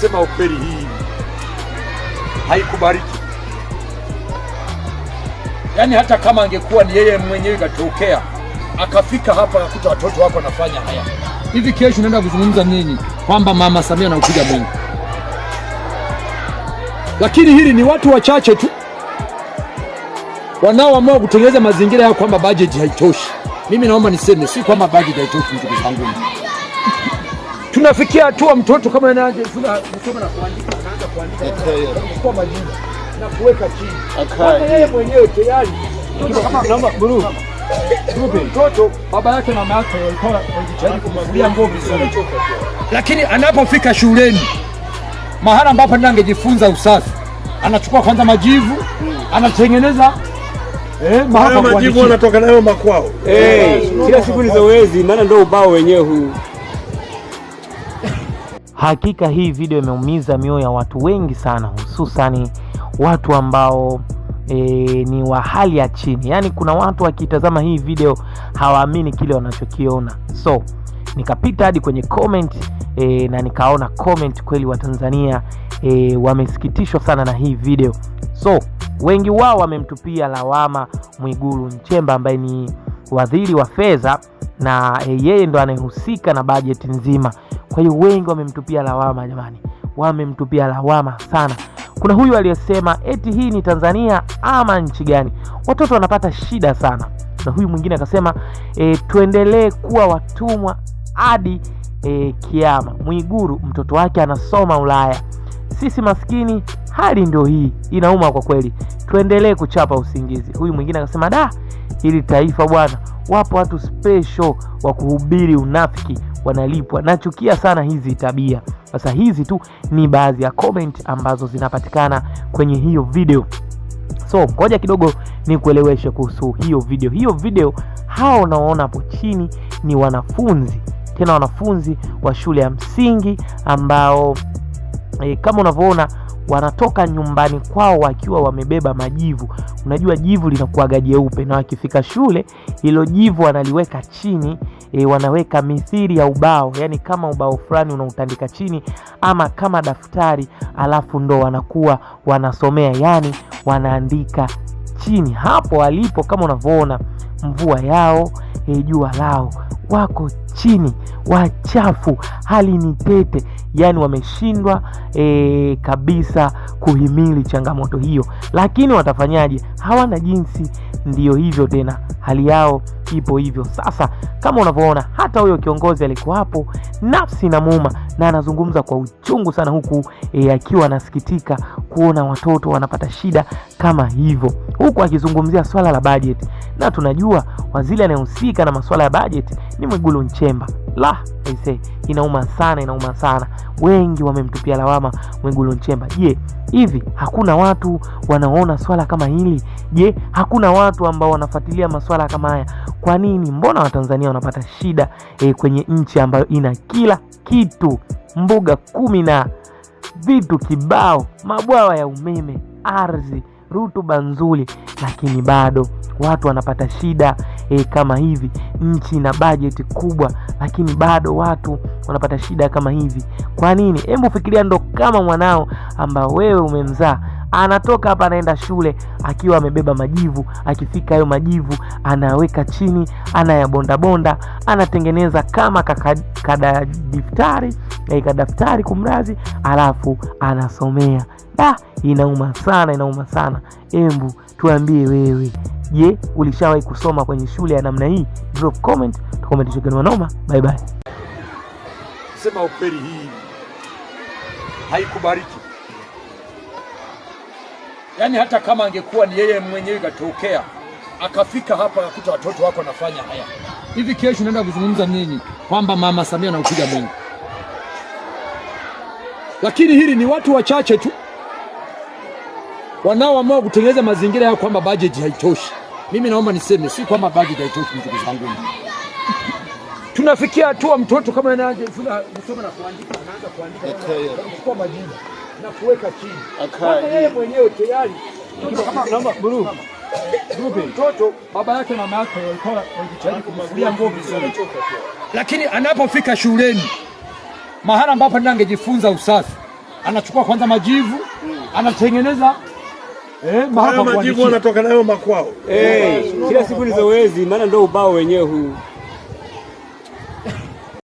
kusema ukweli, hii haikubariki. Yaani hata kama angekuwa ni yeye mwenyewe katokea akafika hapa akakuta watoto wako wanafanya haya hivi, kesho naenda kuzungumza nini kwamba mama Samia anaupiga mwingi, lakini hili ni watu wachache tu wanaoamua kutengeneza mazingira ya kwamba bajeti haitoshi. Mimi naomba niseme si kwamba bajeti haitoshi, ndugu zangu tunafikia hatua mtoto kama anaanza kusoma na kuandika, anaanza kuandika kwa majina na kuweka chini yeye mwenyewe tayari. Mtoto baba yake na mama yake walikuwa wanajitahidi kumfulia nguo vizuri, lakini anapofika shuleni, mahala ambapo ndio angejifunza usafi, anachukua kwanza majivu anatengeneza Eh, majivu anatoka nayo makwao. Eh, kila siku ni zoezi, maana ndio ubao wenyewe huu. Hakika hii video imeumiza mioyo ya watu wengi sana, hususani watu ambao e, ni wa hali ya chini. Yaani kuna watu wakitazama hii video hawaamini kile wanachokiona, so nikapita hadi kwenye comment e, na nikaona comment kweli Watanzania e, wamesikitishwa sana na hii video, so wengi wao wamemtupia lawama Mwigulu Nchemba ambaye ni waziri wa fedha na eh, yeye ndo anayehusika na bajeti nzima. Kwa hiyo wengi wamemtupia lawama, jamani, wamemtupia lawama sana. Kuna huyu aliyesema eti hii ni Tanzania ama nchi gani? Watoto wanapata shida sana. Na huyu mwingine akasema e, tuendelee kuwa watumwa hadi e, kiama. Mwiguru mtoto wake anasoma Ulaya, sisi maskini, hali ndio hii, inauma kwa kweli, tuendelee kuchapa usingizi. Huyu mwingine akasema da hili taifa bwana, wapo watu special wa kuhubiri unafiki wanalipwa. Nachukia sana hizi tabia. Sasa hizi tu ni baadhi ya comment ambazo zinapatikana kwenye hiyo video. So ngoja kidogo nikueleweshe kuhusu hiyo video. Hiyo video hao unaoona hapo chini ni wanafunzi, tena wanafunzi wa shule ya msingi ambao e, kama unavyoona wanatoka nyumbani kwao wakiwa wamebeba majivu. Unajua jivu linakuaga jeupe, na wakifika shule hilo jivu wanaliweka chini e, wanaweka mithili ya ubao, yani kama ubao fulani unautandika chini ama kama daftari, alafu ndo wanakuwa wanasomea, yani wanaandika chini hapo walipo kama unavyoona mvua yao e, jua lao, wako chini wachafu, hali ni tete yani wameshindwa e, kabisa kuhimili changamoto hiyo, lakini watafanyaje? Hawana jinsi, ndiyo hivyo tena, hali yao ipo hivyo. Sasa kama unavyoona, hata huyo kiongozi alikuwa hapo, nafsi na na anazungumza kwa uchungu sana, huku e, akiwa anasikitika kuona watoto wanapata shida kama hivyo, huku akizungumzia swala la bajeti, na tunajua waziri anayehusika na masuala ya bajeti ni Mwigulu Nchemba la aise, inauma sana, inauma sana. Wengi wamemtupia lawama Mwigulu Nchemba. Je, hivi hakuna watu wanaoona swala kama hili? Je, hakuna watu ambao wanafuatilia maswala kama haya? Kwa nini mbona Watanzania wanapata shida e, kwenye nchi ambayo ina kila kitu, mbuga kumi na vitu kibao, mabwawa ya umeme, ardhi, rutuba nzuri, lakini bado watu wanapata shida e, kama hivi. Nchi ina bajeti kubwa, lakini bado watu wanapata shida kama hivi. Kwa nini? Hebu fikiria, ndo kama mwanao ambao wewe umemzaa anatoka hapa anaenda shule akiwa amebeba majivu. Akifika hayo majivu anaweka chini, anayabondabonda, anatengeneza kama kadaftari eh, kadaftari, kumrazi, alafu anasomea. Da, inauma sana, inauma sana embu tuambie wewe, je, ulishawahi kusoma kwenye shule ya namna hii? Drop comment, comment noma. Bye bye. Sema ukweli, hii haikubariki. Yaani hata kama angekuwa ni yeye mwenyewe katokea akafika hapa akakuta watoto wako wanafanya haya hivi, kesho naenda kuzungumza nini kwamba Mama Samia anaupiga Mungu, lakini hili ni watu wachache tu wanaoamua kutengeneza mazingira ya kwamba bajeti haitoshi. Mimi naomba niseme si kwamba bajeti haitoshi, ndugu zangu, tunafikia hatua mtoto kama anajifunza kusoma na kuandika anaanza kuandika kuchukua majina na kuweka chini yeye mwenyewe tayari. Mtoto baba yake na mama yake walikuwa kumfulia nguo vizuri, lakini anapofika shuleni mahala ambapo ndio angejifunza usafi, anachukua kwanza majivu, hmm. anatengeneza Eh, majibu anatoka nayo makwao. Eh, kila siku ni zoezi, maana ndio ubao wenyewe huu.